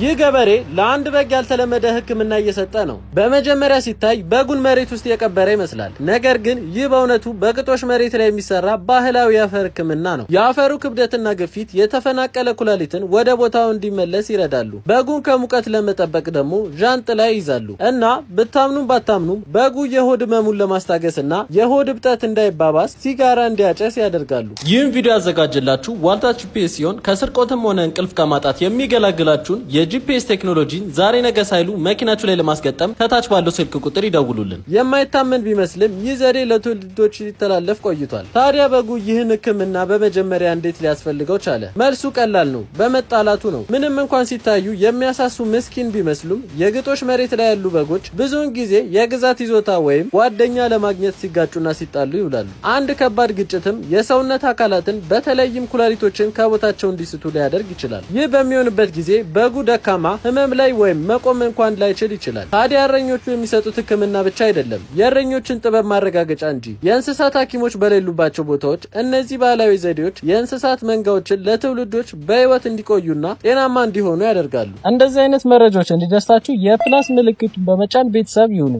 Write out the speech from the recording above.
ይህ ገበሬ ለአንድ በግ ያልተለመደ ሕክምና እየሰጠ ነው። በመጀመሪያ ሲታይ በጉን መሬት ውስጥ የቀበረ ይመስላል። ነገር ግን ይህ በእውነቱ በቅጦሽ መሬት ላይ የሚሰራ ባህላዊ የአፈር ሕክምና ነው። የአፈሩ ክብደትና ግፊት የተፈናቀለ ኩላሊትን ወደ ቦታው እንዲመለስ ይረዳሉ። በጉን ከሙቀት ለመጠበቅ ደግሞ ዣንጥላ ይይዛሉ እና ብታምኑም ባታምኑም በጉ የሆድ ህመሙን ለማስታገስ የሆድ እብጠት እንዳይባባስ ሲጋራ እንዲያጨስ ያደርጋሉ። ይህም ቪዲዮ ያዘጋጅላችሁ ዋልታ ጂፒኤስ ሲሆን ከስርቆትም ሆነ እንቅልፍ ከማጣት የሚገላግላችሁን የጂፒኤስ ቴክኖሎጂን ዛሬ ነገ ሳይሉ መኪናችሁ ላይ ለማስገጠም ከታች ባለው ስልክ ቁጥር ይደውሉልን። የማይታመን ቢመስልም ይህ ዘዴ ለትውልዶች ሊተላለፍ ቆይቷል። ታዲያ በጉ ይህን ሕክምና በመጀመሪያ እንዴት ሊያስፈልገው ቻለ? መልሱ ቀላል ነው፣ በመጣላቱ ነው። ምንም እንኳን ሲታዩ የሚያሳሱ ምስኪን ቢመስሉም የግጦሽ መሬት ላይ ያሉ በጎች ብዙውን ጊዜ የግዛት ይዞታ ወይም ጓደኛ ለማግኘት ሲጋጩና ሲጣሉ ይውላሉ። አንድ ከባድ ግጭትም የሰውነት አካላትን በተለይም ኩላሊቶችን ከቦታቸው እንዲስቱ ሊያደርግ ይችላል። ይህ በሚሆንበት ጊዜ በጉ ደካማ ህመም ላይ ወይም መቆም እንኳን ላይችል ይችላል። ታዲያ እረኞቹ የሚሰጡት ህክምና ብቻ አይደለም የእረኞችን ጥበብ ማረጋገጫ እንጂ። የእንስሳት ሐኪሞች በሌሉባቸው ቦታዎች እነዚህ ባህላዊ ዘዴዎች የእንስሳት መንጋዎችን ለትውልዶች በህይወት እንዲቆዩና ጤናማ እንዲሆኑ ያደርጋሉ። እንደዚህ አይነት መረጃዎች እንዲደርሳችሁ የፕላስ ምልክቱን በመጫን ቤተሰብ ይሁኑ።